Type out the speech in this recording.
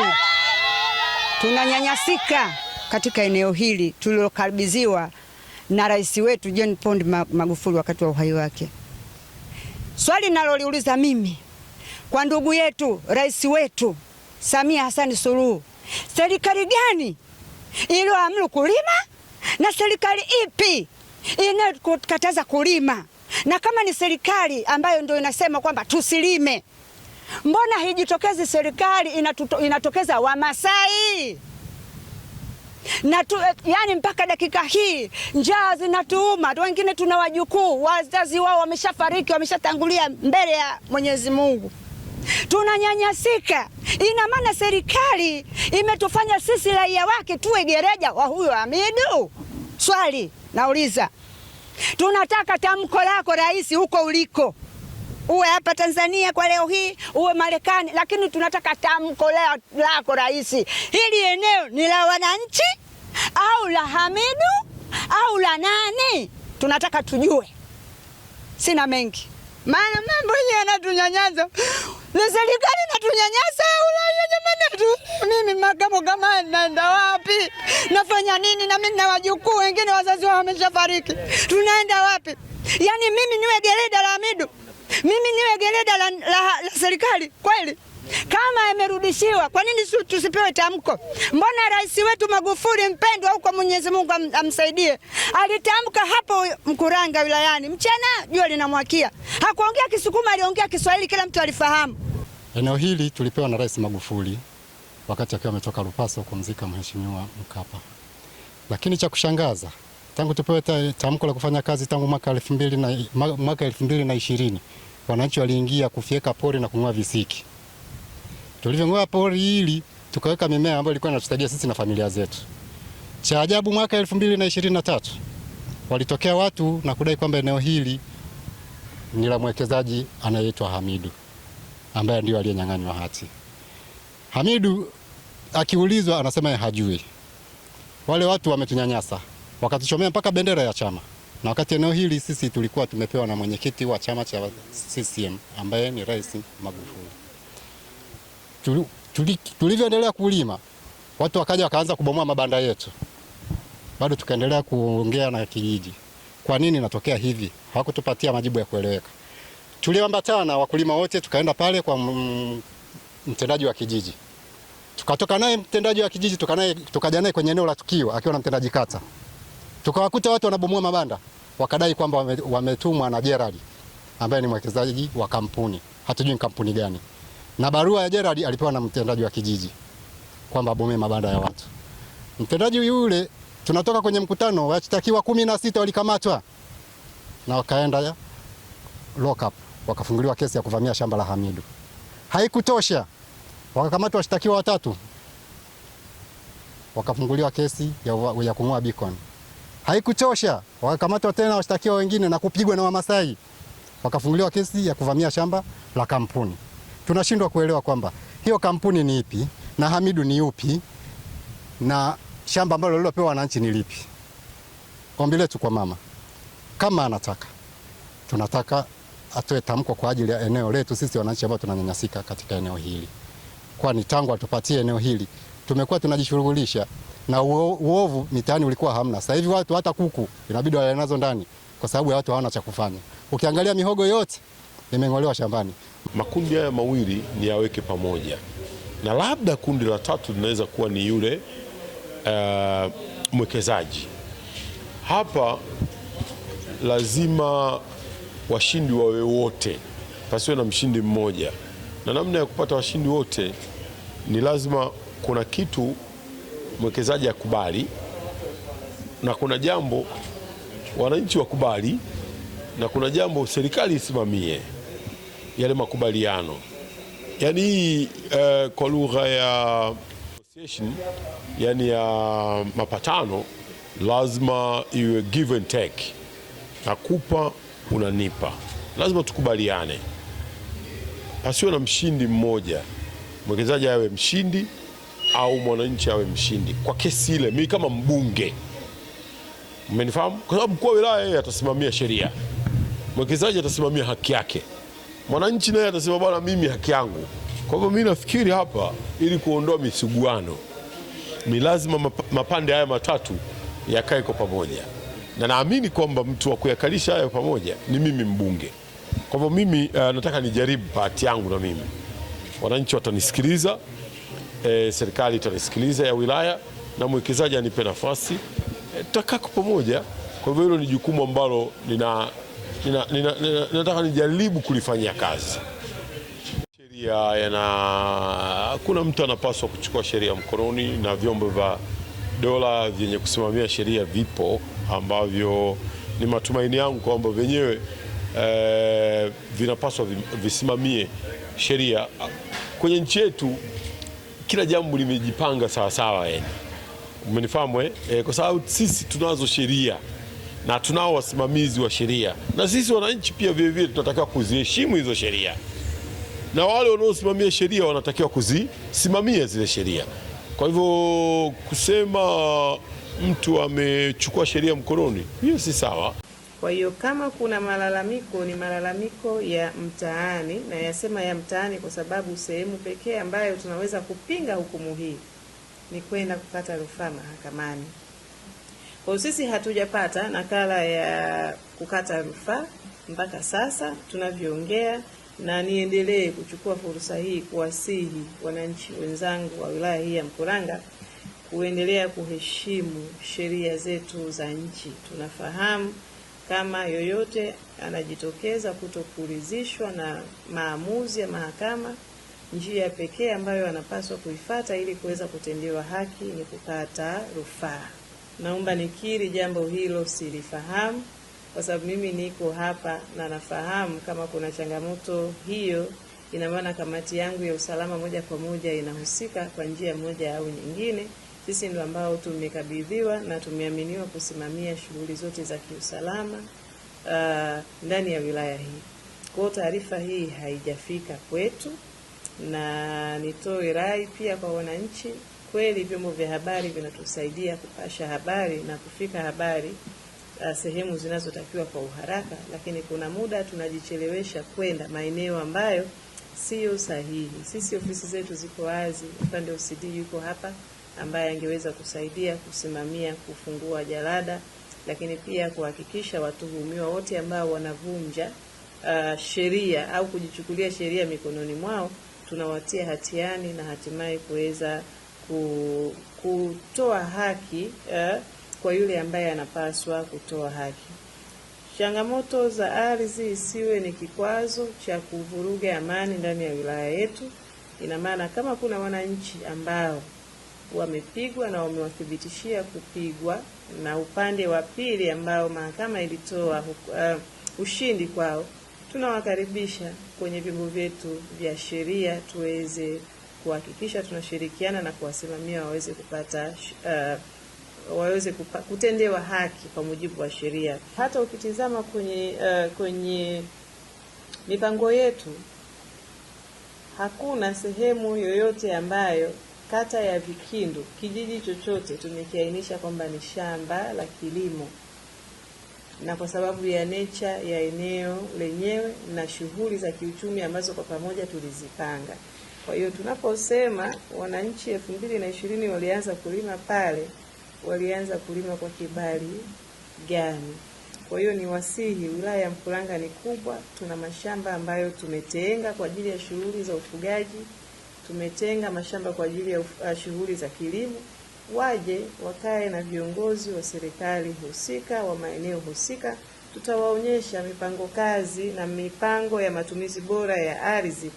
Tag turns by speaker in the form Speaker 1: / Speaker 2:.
Speaker 1: yetu. Tunanyanyasika katika eneo hili tulilokaribiziwa na rais wetu John Pombe Magufuli wakati wa uhai wake. Swali naloliuliza mimi kwa ndugu yetu rais wetu Samia Hassan Suluhu, serikali gani iliyoamuru kulima na serikali ipi inayokataza kulima? Na kama ni serikali ambayo ndio inasema kwamba tusilime Mbona hijitokezi serikali inatuto, inatokeza Wamasai na tu, eh, yani mpaka dakika hii njaa zinatuuma, wengine tuna wajukuu wazazi wao wameshafariki, wameshatangulia mbele ya Mwenyezi Mungu, tunanyanyasika. Ina maana serikali imetufanya sisi raia wake tuwe gereja wa huyo amidu Swali nauliza, tunataka tamko lako rais, huko uliko uwe hapa Tanzania kwa leo hii, uwe Marekani, lakini tunataka tamko leo lako rais, hili eneo ni la wananchi au la Hamidu au la nani? Tunataka tujue. Sina mengi, maana mambo yenyewe yanatunyanyaza serikali natunyanyasa jamani, tu mimi makamo kama naenda wapi? Nafanya nini? na mimi na wajukuu wengine wazazi wao wameshafariki, tunaenda wapi? Yaani mimi niwe gereda la Amidu, mimi niwe gereda la, la, la serikali kweli? Kama imerudishiwa kwa nini tusipewe tamko? Mbona rais wetu Magufuli mpendwa, huko Mwenyezi Mungu am, amsaidie, alitamka hapo Mkuranga wilayani, mchana jua linamwakia, hakuongea Kisukuma, aliongea Kiswahili, kila mtu alifahamu.
Speaker 2: Eneo hili tulipewa na Rais Magufuli wakati akiwa ametoka Lupaso kumzika Mheshimiwa Mkapa, lakini cha kushangaza tangu tupewe tamko la kufanya kazi tangu mwaka elfu mbili na, mwaka elfu mbili na ishirini wananchi waliingia kufyeka pori na kung'oa visiki. Tulivyong'oa pori hili tukaweka mimea ambayo ilikuwa inatusaidia sisi na familia zetu. Cha ajabu mwaka elfu mbili na ishirini na tatu walitokea watu na kudai kwamba eneo hili ni la mwekezaji anayeitwa Hamidu ambaye ndio aliyenyang'anywa hati. Hamidu akiulizwa anasema hajui. Wale watu wametunyanyasa, wakatuchomea mpaka bendera ya chama, na wakati eneo hili sisi tulikuwa tumepewa na mwenyekiti wa chama cha CCM ambaye ni Rais Magufuli. Tulivyoendelea kulima, watu wakaja wakaanza kubomoa mabanda yetu, bado tukaendelea kuongea na kijiji, kwa nini natokea hivi? Hawakutupatia majibu ya kueleweka. Tuliambatana wakulima wote tukaenda pale kwa mtendaji wa kijiji, tukatoka naye mtendaji wa kijiji tukanaye, tukaja naye kwenye eneo la tukio akiwa na mtendaji kata, tukawakuta watu wanabomoa mabanda, wakadai kwamba wametumwa na Gerald ambaye ni mwekezaji wa kampuni, hatujui ni kampuni gani, na barua ya Gerald alipewa na mtendaji wa kijiji kwamba abomoe mabanda ya watu. Mtendaji yule tunatoka kwenye mkutano, washtakiwa kumi na sita walikamatwa na wakaenda lock up wakafunguliwa kesi ya kuvamia shamba la Hamidu. Haikutosha, wakakamatwa washtakiwa watatu, wakafunguliwa kesi ya, ya kumua beacon. Haikutosha, wakakamatwa tena washtakiwa wengine na kupigwa na Wamasai, wakafunguliwa kesi ya kuvamia shamba la kampuni. Tunashindwa kuelewa kwamba hiyo kampuni ni ipi na Hamidu ni upi na shamba ambalo lilopewa wananchi ni lipi? Ombi letu kwa mama, kama anataka tunataka atoe tamko kwa ajili ya eneo letu sisi wananchi ambao tunanyanyasika katika eneo hili, kwani tangu atupatie eneo hili tumekuwa tunajishughulisha na uovu mitaani ulikuwa hamna. Sasa hivi watu hata kuku inabidi wale nazo ndani kwa sababu ya watu hawana cha kufanya. Ukiangalia mihogo yote imeng'olewa shambani.
Speaker 3: Makundi haya mawili ni yaweke pamoja, na labda kundi la tatu linaweza kuwa ni yule uh, mwekezaji hapa lazima washindi wawe wote, pasiwe na mshindi mmoja. Na namna ya kupata washindi wote ni lazima kuna kitu mwekezaji akubali, na kuna jambo wananchi wakubali, na kuna jambo serikali isimamie yale makubaliano. Yaani hii uh, kwa lugha ya yani ya mapatano lazima iwe give and take, nakupa unanipa, lazima tukubaliane, pasiwe na mshindi mmoja, mwekezaji awe mshindi au mwananchi awe mshindi kwa kesi ile. Mimi kama mbunge, mmenifahamu, kwa sababu mkuu wa wilaya yeye atasimamia sheria, mwekezaji atasimamia haki yake, mwananchi naye atasema bwana, mimi haki yangu. Kwa hivyo mimi nafikiri hapa, ili kuondoa misuguano, ni lazima mapande haya matatu yakae kwa pamoja na naamini kwamba mtu wa kuyakalisha hayo pamoja ni mimi mbunge. Kwa hivyo mimi uh, nataka nijaribu bahati yangu, na mimi wananchi watanisikiliza, e, serikali itanisikiliza ya wilaya na mwekezaji anipe nafasi e, tutakaa pamoja. Kwa hivyo hilo ni jukumu ambalo nina, nina, nina, nina, nataka nijaribu kulifanyia kazi. Sheria yana kuna mtu anapaswa kuchukua sheria mkononi na vyombo vya dola vyenye kusimamia sheria vipo ambavyo ni matumaini yangu kwamba vyenyewe eh, vinapaswa visimamie sheria kwenye nchi yetu. Kila jambo limejipanga sawasawa, yani eh. umenifahamu eh? Eh, kwa sababu sisi tunazo sheria na tunao wasimamizi wa sheria, na sisi wananchi pia vilevile tunatakiwa kuziheshimu hizo sheria, na wale wanaosimamia sheria wanatakiwa kuzisimamia zile sheria. Kwa hivyo kusema mtu amechukua sheria mkononi, hiyo si sawa.
Speaker 4: Kwa hiyo kama kuna malalamiko ni malalamiko ya mtaani, na yasema ya mtaani kwa sababu sehemu pekee ambayo tunaweza kupinga hukumu hii ni kwenda kukata rufaa mahakamani. Kwa hiyo sisi hatujapata nakala ya kukata rufaa mpaka sasa tunavyoongea na niendelee kuchukua fursa hii kuwasihi wananchi wenzangu wa wilaya hii ya Mkuranga kuendelea kuheshimu sheria zetu za nchi. Tunafahamu kama yoyote anajitokeza kuto na maamuzi ya mahakama, njia pekee ambayo anapaswa kuifata ili kuweza kutendewa haki ni kukata rufaa. Naomba nikiri jambo hilo silifahamu kwa sababu mimi niko hapa na nafahamu kama kuna changamoto hiyo, ina maana kamati yangu ya usalama moja kwa moja inahusika kwa njia moja au nyingine. Sisi ndio ambao tumekabidhiwa na tumeaminiwa kusimamia shughuli zote za kiusalama uh, ndani ya wilaya hii. Kwa hiyo taarifa hii haijafika kwetu, na nitoe rai pia kwa wananchi, kweli vyombo vya habari vinatusaidia kupasha habari na kufika habari Eh, sehemu zinazotakiwa kwa uharaka, lakini kuna muda tunajichelewesha kwenda maeneo ambayo siyo sahihi. Sisi ofisi zetu ziko wazi, upande OCD yuko hapa ambaye angeweza kusaidia kusimamia kufungua jalada, lakini pia kuhakikisha watuhumiwa wote ambao wanavunja uh, sheria au kujichukulia sheria mikononi mwao tunawatia hatiani na hatimaye kuweza kutoa haki uh, kwa yule ambaye anapaswa kutoa haki. Changamoto za ardhi isiwe ni kikwazo cha kuvuruga amani ndani ya wilaya yetu. Ina maana kama kuna wananchi ambao wamepigwa na wamewathibitishia kupigwa na upande wa pili ambao mahakama ilitoa uh, ushindi kwao, tunawakaribisha kwenye vyombo vyetu vya sheria tuweze kuhakikisha tunashirikiana na kuwasimamia waweze kupata uh, waweze kupa, kutendewa haki kwa mujibu wa sheria. Hata ukitizama kwenye uh, kwenye mipango yetu hakuna sehemu yoyote ambayo kata ya Vikindu kijiji chochote tumekiainisha kwamba ni shamba la kilimo, na kwa sababu ya necha ya eneo lenyewe na shughuli za kiuchumi ambazo kwa pamoja tulizipanga. Kwa hiyo tunaposema wananchi elfu mbili na ishirini walianza kulima pale walianza kulima kwa kibali gani? Kwa hiyo ni wasihi, wilaya ya Mkuranga ni kubwa, tuna mashamba ambayo tumetenga kwa ajili ya shughuli za ufugaji, tumetenga mashamba kwa ajili ya shughuli za kilimo. Waje wakae na viongozi wa serikali husika wa maeneo husika, tutawaonyesha mipango kazi na mipango ya matumizi bora ya ardhi.